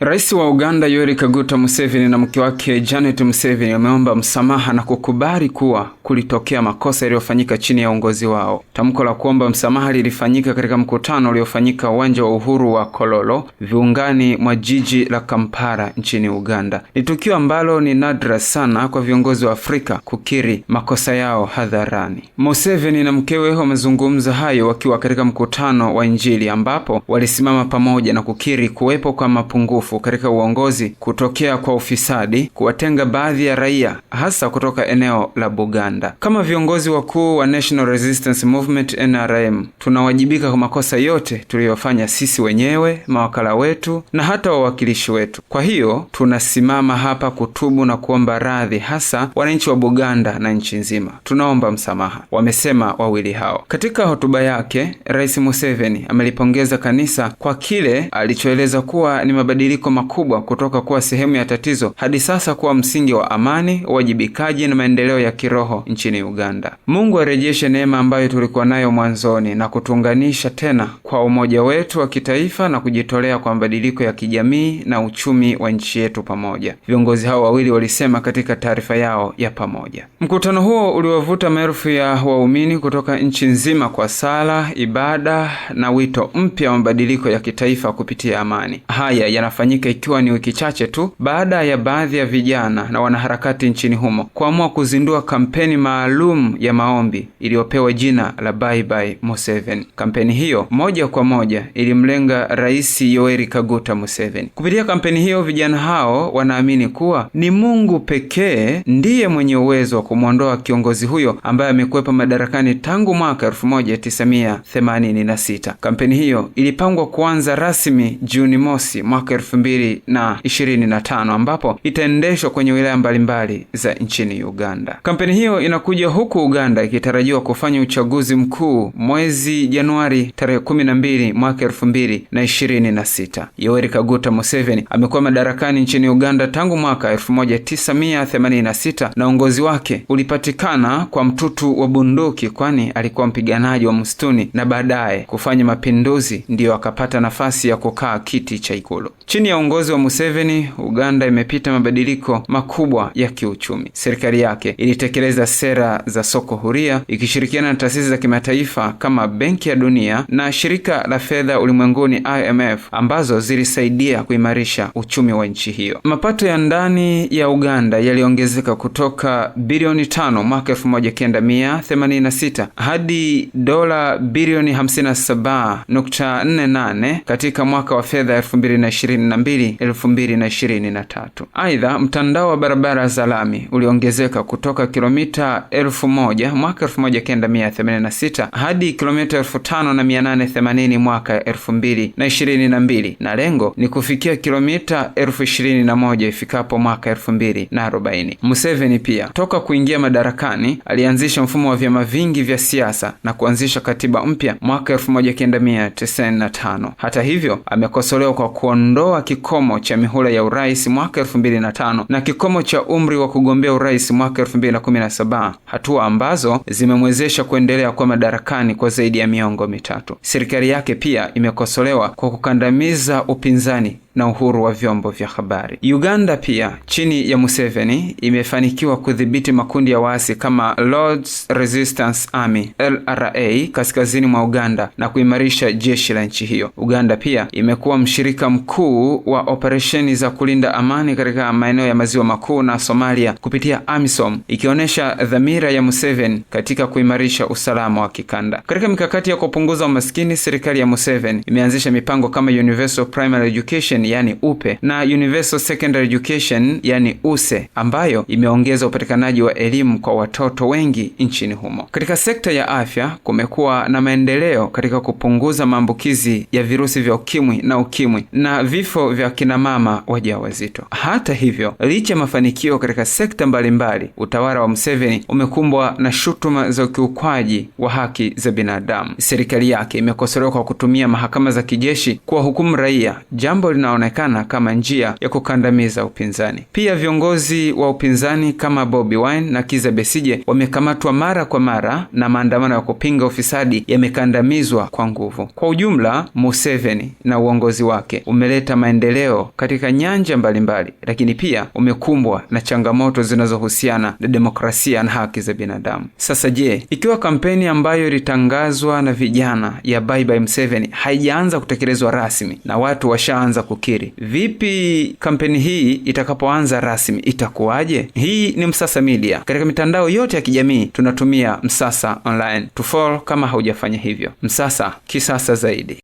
Rais wa Uganda Yoweri Kaguta Museveni na mke wake Janet Museveni wameomba msamaha na kukubali kuwa kulitokea makosa yaliyofanyika chini ya uongozi wao. Tamko la kuomba msamaha lilifanyika katika mkutano uliofanyika uwanja wa uhuru wa Kololo, viungani mwa jiji la Kampala nchini Uganda. Ni tukio ambalo ni nadra sana kwa viongozi wa Afrika kukiri makosa yao hadharani. Museveni na mkewe wamezungumza hayo wakiwa katika mkutano wa Injili ambapo walisimama pamoja na kukiri kuwepo kwa mapungufu maarufu katika uongozi, kutokea kwa ufisadi, kuwatenga baadhi ya raia hasa kutoka eneo la Buganda. Kama viongozi wakuu wa National Resistance Movement NRM, tunawajibika kwa makosa yote tuliyofanya sisi wenyewe, mawakala wetu na hata wawakilishi wetu. Kwa hiyo tunasimama hapa kutubu na kuomba radhi, hasa wananchi wa Buganda na nchi nzima, tunaomba msamaha, wamesema wawili hao. Katika hotuba yake, Rais Museveni amelipongeza kanisa kwa kile alichoeleza kuwa ni mabadiliko mabadiliko makubwa kutoka kuwa sehemu ya tatizo hadi sasa kuwa msingi wa amani, uwajibikaji na maendeleo ya kiroho nchini Uganda. Mungu arejeshe neema ambayo tulikuwa nayo mwanzoni na kutuunganisha tena kwa umoja wetu wa kitaifa na kujitolea kwa mabadiliko ya kijamii na uchumi wa nchi yetu pamoja, viongozi hao wawili walisema katika taarifa yao ya pamoja. Mkutano huo uliwavuta maelfu ya waumini kutoka nchi nzima kwa sala, ibada na wito mpya wa mabadiliko ya kitaifa kupitia amani. Haya yanafanya kufanyika ikiwa ni wiki chache tu baada ya baadhi ya vijana na wanaharakati nchini humo kuamua kuzindua kampeni maalum ya maombi iliyopewa jina la Bye Bye Museveni. Kampeni hiyo moja kwa moja ilimlenga Rais Yoweri Kaguta Museveni. Kupitia kampeni hiyo, vijana hao wanaamini kuwa ni Mungu pekee ndiye mwenye uwezo wa kumwondoa kiongozi huyo ambaye amekwepa madarakani tangu mwaka 1986. Kampeni hiyo ilipangwa kuanza rasmi Juni mosi mwaka elfu 2025 ambapo itaendeshwa kwenye wilaya mbalimbali za nchini Uganda. Kampeni hiyo inakuja huku Uganda ikitarajiwa kufanya uchaguzi mkuu mwezi Januari tarehe 12 mwaka 2026. Yoweri Kaguta Museveni amekuwa madarakani nchini Uganda tangu mwaka 1986 na uongozi wake ulipatikana kwa mtutu wa bunduki, kwani alikuwa mpiganaji wa msituni na baadaye kufanya mapinduzi, ndiyo akapata nafasi ya kukaa kiti cha Ikulu chini Chini ya uongozi wa Museveni, Uganda imepita mabadiliko makubwa ya kiuchumi. Serikali yake ilitekeleza sera za soko huria ikishirikiana na taasisi za kimataifa kama Benki ya Dunia na Shirika la Fedha Ulimwenguni IMF ambazo zilisaidia kuimarisha uchumi wa nchi hiyo. Mapato ya ndani ya Uganda yaliongezeka kutoka bilioni tano mwaka elfu moja kenda mia themanini na sita hadi dola bilioni hamsini na saba nukta nne nane katika mwaka wa fedha elfu mbili na ishirini 22, 2023. Aidha, mtandao wa barabara za lami uliongezeka kutoka kilomita 1000 mwaka 1986 hadi kilomita 5880 mwaka 2022, na lengo ni kufikia kilomita 21 ifikapo mwaka 2040. Museveni pia toka kuingia madarakani alianzisha mfumo wa vyama vingi vya siasa na kuanzisha katiba mpya mwaka 1995. Hata hivyo, amekosolewa kwa kuondoa kikomo cha mihula ya urais mwaka mbili na kikomo cha umri wa kugombea urais mwaka saba hatua ambazo zimemwezesha kuendelea kwa madarakani kwa zaidi ya miongo mitatu. Serikali yake pia imekosolewa kwa kukandamiza upinzani na uhuru wa vyombo vya habari. Uganda pia chini ya Museveni imefanikiwa kudhibiti makundi ya waasi kama Lords Resistance Army LRA kaskazini mwa Uganda na kuimarisha jeshi la nchi hiyo. Uganda pia imekuwa mshirika mkuu wa operesheni za kulinda amani katika maeneo ya maziwa makuu na Somalia kupitia AMISOM, ikionyesha dhamira ya Museveni katika kuimarisha usalama wa kikanda. Katika mikakati ya kupunguza umaskini, serikali ya Museveni imeanzisha mipango kama Universal Primary Education yani UPE na Universal Secondary Education yani USE ambayo imeongeza upatikanaji wa elimu kwa watoto wengi nchini humo. Katika sekta ya afya kumekuwa na maendeleo katika kupunguza maambukizi ya virusi vya ukimwi na ukimwi na vifo vya kinamama wajawazito. Hata hivyo, licha ya mafanikio katika sekta mbalimbali mbali, utawala wa mseveni umekumbwa na shutuma za ukiukwaji wa haki za binadamu. Serikali yake imekosolewa kwa kutumia mahakama za kijeshi kuwahukumu raia, jambo linalo inaonekana kama njia ya kukandamiza upinzani. Pia viongozi wa upinzani kama Bobi Wine na Kiza Besije wamekamatwa mara kwa mara na maandamano ya kupinga ufisadi yamekandamizwa kwa nguvu. Kwa ujumla, Museveni na uongozi wake umeleta maendeleo katika nyanja mbalimbali, lakini pia umekumbwa na changamoto zinazohusiana na demokrasia na haki za binadamu. Sasa je, ikiwa kampeni ambayo ilitangazwa na vijana ya Bye Bye Museveni haijaanza kutekelezwa rasmi na watu washaanza kuki kufikiri, vipi kampeni hii itakapoanza rasmi itakuwaje? Hii ni Msasa Media, katika mitandao yote ya kijamii tunatumia Msasa Online. tufol kama haujafanya hivyo. Msasa kisasa zaidi.